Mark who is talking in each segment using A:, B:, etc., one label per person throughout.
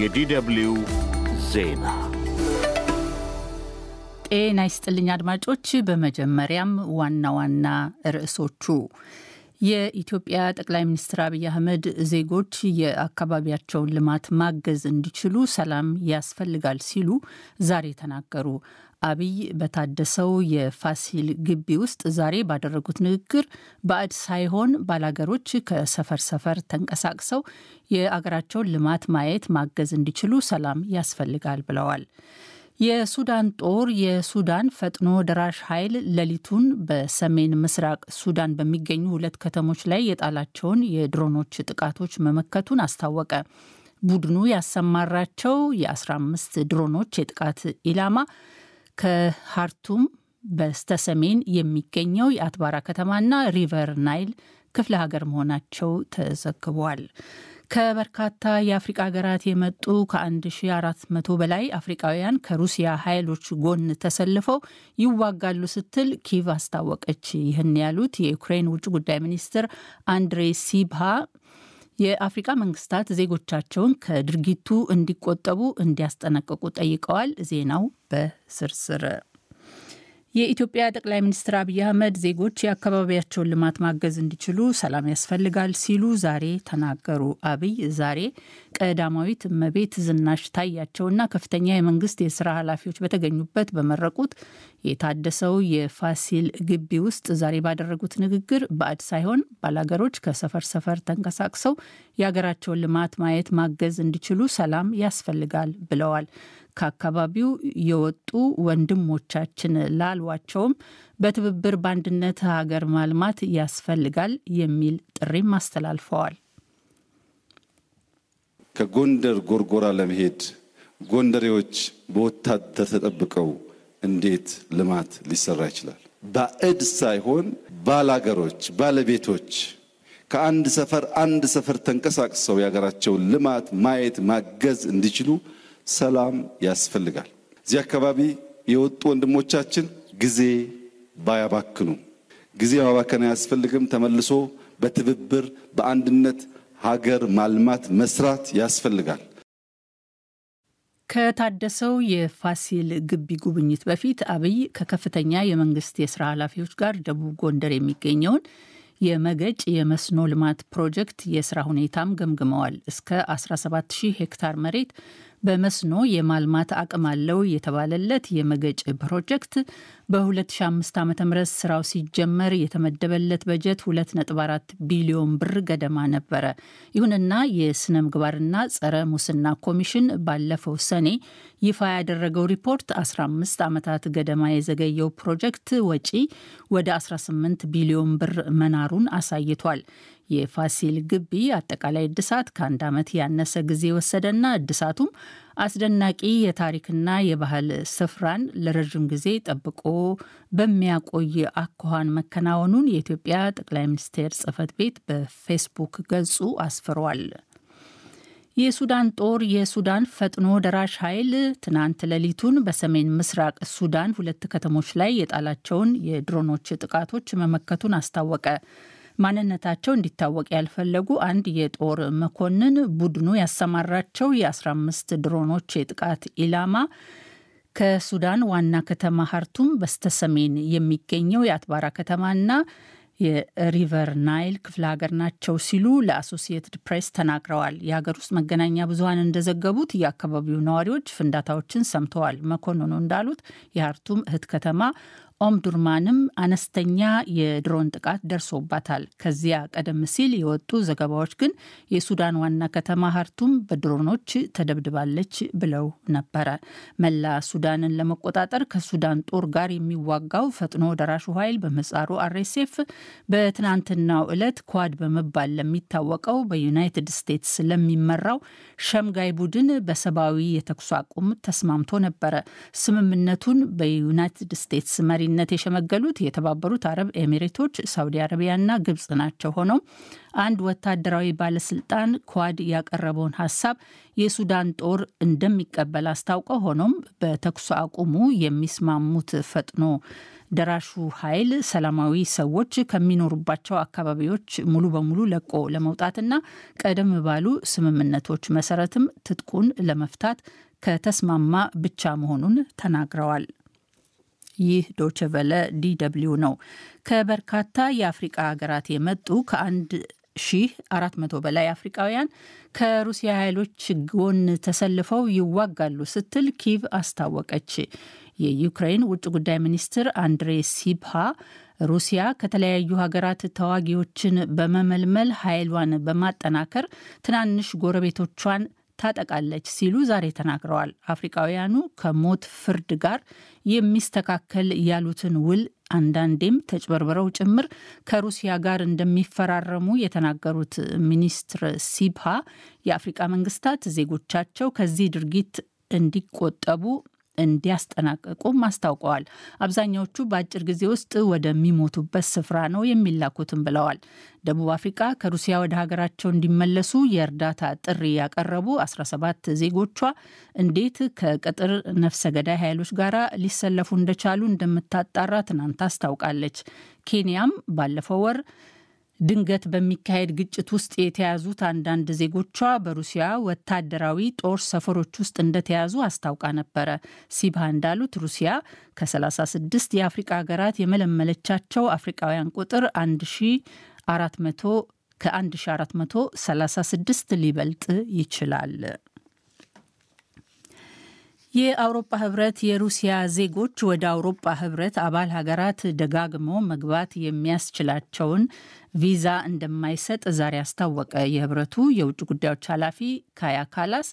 A: የዲደብሊው ዜና ጤና ይስጥልኝ አድማጮች። በመጀመሪያም ዋና ዋና ርዕሶቹ የኢትዮጵያ ጠቅላይ ሚኒስትር አብይ አህመድ ዜጎች የአካባቢያቸውን ልማት ማገዝ እንዲችሉ ሰላም ያስፈልጋል ሲሉ ዛሬ ተናገሩ። አብይ በታደሰው የፋሲል ግቢ ውስጥ ዛሬ ባደረጉት ንግግር ባዕድ ሳይሆን ባላገሮች ከሰፈር ሰፈር ተንቀሳቅሰው የአገራቸውን ልማት ማየት ማገዝ እንዲችሉ ሰላም ያስፈልጋል ብለዋል። የሱዳን ጦር የሱዳን ፈጥኖ ደራሽ ኃይል ሌሊቱን በሰሜን ምስራቅ ሱዳን በሚገኙ ሁለት ከተሞች ላይ የጣላቸውን የድሮኖች ጥቃቶች መመከቱን አስታወቀ። ቡድኑ ያሰማራቸው የ15 ድሮኖች የጥቃት ኢላማ ከሃርቱም በስተሰሜን የሚገኘው የአትባራ ከተማና ሪቨር ናይል ክፍለ ሀገር መሆናቸው ተዘግቧል። ከበርካታ የአፍሪቃ ሀገራት የመጡ ከ1400 በላይ አፍሪቃውያን ከሩሲያ ኃይሎች ጎን ተሰልፈው ይዋጋሉ ስትል ኪቭ አስታወቀች። ይህን ያሉት የዩክሬን ውጭ ጉዳይ ሚኒስትር አንድሬ ሲብሃ የአፍሪቃ መንግስታት ዜጎቻቸውን ከድርጊቱ እንዲቆጠቡ እንዲያስጠነቅቁ ጠይቀዋል። ዜናው በስርስር የኢትዮጵያ ጠቅላይ ሚኒስትር አብይ አህመድ ዜጎች የአካባቢያቸውን ልማት ማገዝ እንዲችሉ ሰላም ያስፈልጋል ሲሉ ዛሬ ተናገሩ። አብይ ዛሬ ቀዳማዊት እመቤት ዝናሽ ታያቸውና ከፍተኛ የመንግስት የስራ ኃላፊዎች በተገኙበት በመረቁት የታደሰው የፋሲል ግቢ ውስጥ ዛሬ ባደረጉት ንግግር ባዕድ ሳይሆን ባላገሮች ከሰፈር ሰፈር ተንቀሳቅሰው የሀገራቸውን ልማት ማየት ማገዝ እንዲችሉ ሰላም ያስፈልጋል ብለዋል። ከአካባቢው የወጡ ወንድሞቻችን ላሏቸውም በትብብር በአንድነት ሀገር ማልማት ያስፈልጋል የሚል ጥሪም አስተላልፈዋል። ከጎንደር ጎርጎራ ለመሄድ ጎንደሬዎች በወታደር ተጠብቀው እንዴት ልማት ሊሰራ ይችላል? ባዕድ ሳይሆን ባላገሮች፣ ባለቤቶች ከአንድ ሰፈር አንድ ሰፈር ተንቀሳቅሰው የሀገራቸውን ልማት ማየት ማገዝ እንዲችሉ ሰላም ያስፈልጋል። እዚህ አካባቢ የወጡ ወንድሞቻችን ጊዜ ባያባክኑ፣ ጊዜ ማባከን አያስፈልግም። ተመልሶ በትብብር በአንድነት ሀገር ማልማት መስራት ያስፈልጋል። ከታደሰው የፋሲል ግቢ ጉብኝት በፊት አብይ ከከፍተኛ የመንግስት የስራ ኃላፊዎች ጋር ደቡብ ጎንደር የሚገኘውን የመገጭ የመስኖ ልማት ፕሮጀክት የስራ ሁኔታም ገምግመዋል። እስከ 170 ሄክታር መሬት በመስኖ የማልማት አቅም አለው የተባለለት የመገጭ ፕሮጀክት በ2005 ዓ ም ስራው ሲጀመር የተመደበለት በጀት 2.4 ቢሊዮን ብር ገደማ ነበረ። ይሁንና የስነ ምግባርና ጸረ ሙስና ኮሚሽን ባለፈው ሰኔ ይፋ ያደረገው ሪፖርት 15 ዓመታት ገደማ የዘገየው ፕሮጀክት ወጪ ወደ 18 ቢሊዮን ብር መናሩን አሳይቷል። የፋሲል ግቢ አጠቃላይ እድሳት ከአንድ ዓመት ያነሰ ጊዜ ወሰደና እድሳቱም አስደናቂ የታሪክና የባህል ስፍራን ለረዥም ጊዜ ጠብቆ በሚያቆይ አኳኋን መከናወኑን የኢትዮጵያ ጠቅላይ ሚኒስቴር ጽህፈት ቤት በፌስቡክ ገጹ አስፍሯል። የሱዳን ጦር የሱዳን ፈጥኖ ደራሽ ኃይል ትናንት ሌሊቱን በሰሜን ምስራቅ ሱዳን ሁለት ከተሞች ላይ የጣላቸውን የድሮኖች ጥቃቶች መመከቱን አስታወቀ። ማንነታቸው እንዲታወቅ ያልፈለጉ አንድ የጦር መኮንን ቡድኑ ያሰማራቸው የ15 ድሮኖች የጥቃት ኢላማ ከሱዳን ዋና ከተማ ሀርቱም በስተሰሜን የሚገኘው የአትባራ ከተማና የሪቨር ናይል ክፍለ ሀገር ናቸው ሲሉ ለአሶሲየትድ ፕሬስ ተናግረዋል። የሀገር ውስጥ መገናኛ ብዙሀን እንደዘገቡት የአካባቢው ነዋሪዎች ፍንዳታዎችን ሰምተዋል። መኮንኑ እንዳሉት የሀርቱም እህት ከተማ ኦምዱርማንም አነስተኛ የድሮን ጥቃት ደርሶባታል። ከዚያ ቀደም ሲል የወጡ ዘገባዎች ግን የሱዳን ዋና ከተማ ሀርቱም በድሮኖች ተደብድባለች ብለው ነበረ። መላ ሱዳንን ለመቆጣጠር ከሱዳን ጦር ጋር የሚዋጋው ፈጥኖ ደራሹ ኃይል በምህጻሩ አርኤስኤፍ በትናንትናው ዕለት ኳድ በመባል ለሚታወቀው በዩናይትድ ስቴትስ ለሚመራው ሸምጋይ ቡድን በሰብአዊ የተኩስ አቁም ተስማምቶ ነበረ። ስምምነቱን በዩናይትድ ስቴትስ መሪ በኃላፊነት የሸመገሉት የተባበሩት አረብ ኤሚሬቶች፣ ሳውዲ አረቢያና ግብጽ ናቸው። ሆኖም አንድ ወታደራዊ ባለስልጣን ኳድ ያቀረበውን ሀሳብ የሱዳን ጦር እንደሚቀበል አስታውቀው፣ ሆኖም በተኩስ አቁሙ የሚስማሙት ፈጥኖ ደራሹ ኃይል ሰላማዊ ሰዎች ከሚኖሩባቸው አካባቢዎች ሙሉ በሙሉ ለቆ ለመውጣትና ቀደም ባሉ ስምምነቶች መሰረትም ትጥቁን ለመፍታት ከተስማማ ብቻ መሆኑን ተናግረዋል። ይህ ዶችቨለ ዲደብሊው ነው። ከበርካታ የአፍሪቃ ሀገራት የመጡ ከአንድ ሺህ አራት መቶ በላይ አፍሪቃውያን ከሩሲያ ኃይሎች ጎን ተሰልፈው ይዋጋሉ ስትል ኪቭ አስታወቀች። የዩክሬን ውጭ ጉዳይ ሚኒስትር አንድሬ ሲብሃ ሩሲያ ከተለያዩ ሀገራት ተዋጊዎችን በመመልመል ኃይሏን በማጠናከር ትናንሽ ጎረቤቶቿን ታጠቃለች ሲሉ ዛሬ ተናግረዋል። አፍሪካውያኑ ከሞት ፍርድ ጋር የሚስተካከል ያሉትን ውል አንዳንዴም ተጭበርብረው ጭምር ከሩሲያ ጋር እንደሚፈራረሙ የተናገሩት ሚኒስትር ሲብሃ የአፍሪቃ መንግስታት ዜጎቻቸው ከዚህ ድርጊት እንዲቆጠቡ እንዲያስጠናቀቁም አስታውቀዋል። አብዛኛዎቹ በአጭር ጊዜ ውስጥ ወደሚሞቱበት ስፍራ ነው የሚላኩትም ብለዋል። ደቡብ አፍሪቃ ከሩሲያ ወደ ሀገራቸው እንዲመለሱ የእርዳታ ጥሪ ያቀረቡ 17 ዜጎቿ እንዴት ከቅጥር ነፍሰ ገዳይ ኃይሎች ጋር ሊሰለፉ እንደቻሉ እንደምታጣራ ትናንት አስታውቃለች። ኬንያም ባለፈው ወር ድንገት በሚካሄድ ግጭት ውስጥ የተያዙት አንዳንድ ዜጎቿ በሩሲያ ወታደራዊ ጦር ሰፈሮች ውስጥ እንደተያዙ አስታውቃ ነበረ። ሲባ እንዳሉት ሩሲያ ከ36 የአፍሪቃ ሀገራት የመለመለቻቸው አፍሪቃውያን ቁጥር 1400 ከ1436 ሊበልጥ ይችላል። የአውሮፓ ህብረት የሩሲያ ዜጎች ወደ አውሮፓ ህብረት አባል ሀገራት ደጋግሞ መግባት የሚያስችላቸውን ቪዛ እንደማይሰጥ ዛሬ አስታወቀ። የህብረቱ የውጭ ጉዳዮች ኃላፊ ካያ ካላስ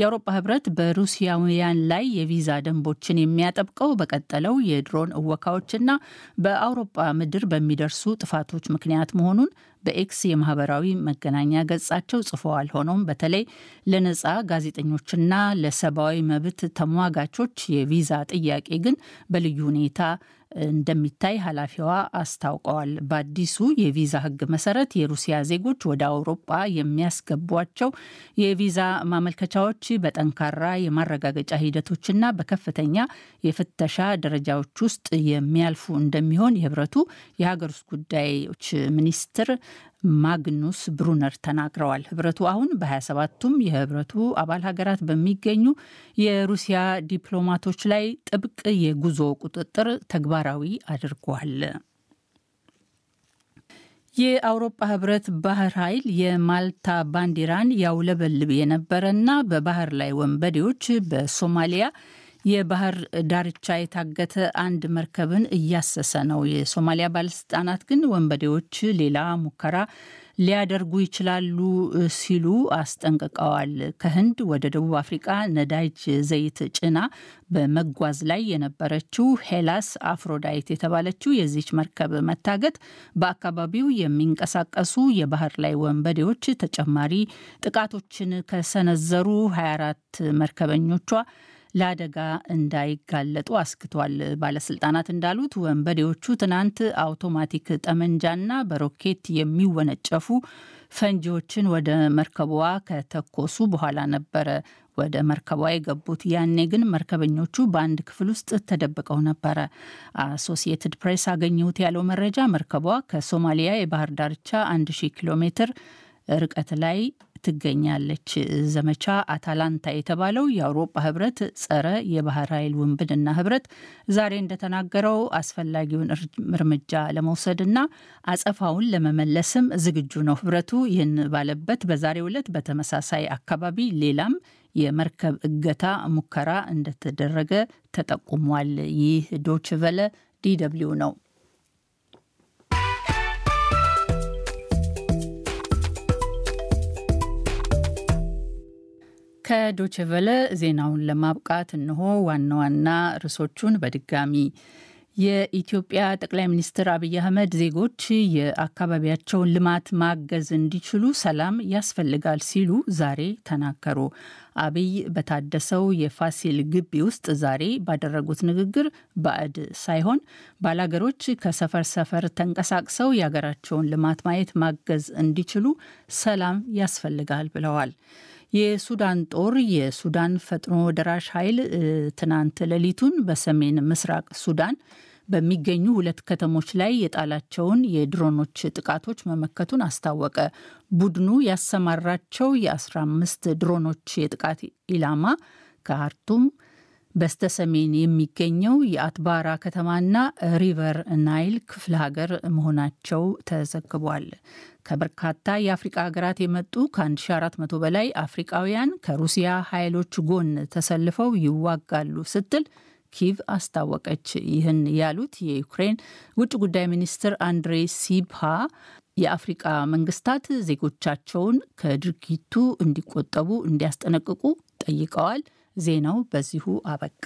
A: የአውሮፓ ህብረት በሩሲያውያን ላይ የቪዛ ደንቦችን የሚያጠብቀው በቀጠለው የድሮን እወካዎችና በአውሮፓ ምድር በሚደርሱ ጥፋቶች ምክንያት መሆኑን በኤክስ የማህበራዊ መገናኛ ገጻቸው ጽፈዋል። ሆኖም በተለይ ለነጻ ጋዜጠኞችና ለሰብአዊ መብት ተሟጋቾች የቪዛ ጥያቄ ግን በልዩ ሁኔታ እንደሚታይ ኃላፊዋ አስታውቀዋል። በአዲሱ የቪዛ ሕግ መሰረት የሩሲያ ዜጎች ወደ አውሮጳ የሚያስገቧቸው የቪዛ ማመልከቻዎች በጠንካራ የማረጋገጫ ሂደቶችና በከፍተኛ የፍተሻ ደረጃዎች ውስጥ የሚያልፉ እንደሚሆን የህብረቱ የሀገር ውስጥ ጉዳዮች ሚኒስትር ማግኑስ ብሩነር ተናግረዋል። ህብረቱ አሁን በ27ቱም የህብረቱ አባል ሀገራት በሚገኙ የሩሲያ ዲፕሎማቶች ላይ ጥብቅ የጉዞ ቁጥጥር ተግባራዊ አድርጓል። የአውሮፓ ህብረት ባህር ኃይል የማልታ ባንዲራን ያውለበልብ የነበረና በባህር ላይ ወንበዴዎች በሶማሊያ የባህር ዳርቻ የታገተ አንድ መርከብን እያሰሰ ነው። የሶማሊያ ባለስልጣናት ግን ወንበዴዎች ሌላ ሙከራ ሊያደርጉ ይችላሉ ሲሉ አስጠንቅቀዋል። ከህንድ ወደ ደቡብ አፍሪቃ ነዳጅ ዘይት ጭና በመጓዝ ላይ የነበረችው ሄላስ አፍሮዳይት የተባለችው የዚች መርከብ መታገት በአካባቢው የሚንቀሳቀሱ የባህር ላይ ወንበዴዎች ተጨማሪ ጥቃቶችን ከሰነዘሩ 24 መርከበኞቿ ለአደጋ እንዳይጋለጡ አስክቷል። ባለስልጣናት እንዳሉት ወንበዴዎቹ ትናንት አውቶማቲክ ጠመንጃና በሮኬት የሚወነጨፉ ፈንጂዎችን ወደ መርከቧ ከተኮሱ በኋላ ነበረ ወደ መርከቧ የገቡት። ያኔ ግን መርከበኞቹ በአንድ ክፍል ውስጥ ተደብቀው ነበረ። አሶሲየትድ ፕሬስ አገኘሁት ያለው መረጃ መርከቧ ከሶማሊያ የባህር ዳርቻ 1000 ኪሎ ሜትር ርቀት ላይ ትገኛለች። ዘመቻ አታላንታ የተባለው የአውሮፓ ህብረት ጸረ የባህር ኃይል ውንብድና ህብረት ዛሬ እንደተናገረው አስፈላጊውን እርምጃ ለመውሰድና አጸፋውን ለመመለስም ዝግጁ ነው። ህብረቱ ይህን ባለበት በዛሬው ዕለት በተመሳሳይ አካባቢ ሌላም የመርከብ እገታ ሙከራ እንደተደረገ ተጠቁሟል። ይህ ዶችቨለ ዲደብሊው ነው። ከዶችቨለ ዜናውን ለማብቃት እነሆ ዋና ዋና ርዕሶቹን በድጋሚ የኢትዮጵያ ጠቅላይ ሚኒስትር አብይ አህመድ ዜጎች የአካባቢያቸውን ልማት ማገዝ እንዲችሉ ሰላም ያስፈልጋል ሲሉ ዛሬ ተናገሩ። አብይ በታደሰው የፋሲል ግቢ ውስጥ ዛሬ ባደረጉት ንግግር ባዕድ ሳይሆን ባላገሮች ከሰፈር ሰፈር ተንቀሳቅሰው የሀገራቸውን ልማት ማየት ማገዝ እንዲችሉ ሰላም ያስፈልጋል ብለዋል። የሱዳን ጦር የሱዳን ፈጥኖ ደራሽ ኃይል ትናንት ሌሊቱን በሰሜን ምስራቅ ሱዳን በሚገኙ ሁለት ከተሞች ላይ የጣላቸውን የድሮኖች ጥቃቶች መመከቱን አስታወቀ። ቡድኑ ያሰማራቸው የ15 ድሮኖች የጥቃት ኢላማ ከሀርቱም በስተ ሰሜን የሚገኘው የአትባራ ከተማና ሪቨር ናይል ክፍለ ሀገር መሆናቸው ተዘግቧል። ከበርካታ የአፍሪቃ ሀገራት የመጡ ከ1400 በላይ አፍሪቃውያን ከሩሲያ ኃይሎች ጎን ተሰልፈው ይዋጋሉ ስትል ኪቭ አስታወቀች። ይህን ያሉት የዩክሬን ውጭ ጉዳይ ሚኒስትር አንድሬ ሲብሃ የአፍሪቃ መንግስታት ዜጎቻቸውን ከድርጊቱ እንዲቆጠቡ እንዲያስጠነቅቁ ጠይቀዋል። ዜናው በዚሁ አበቃ።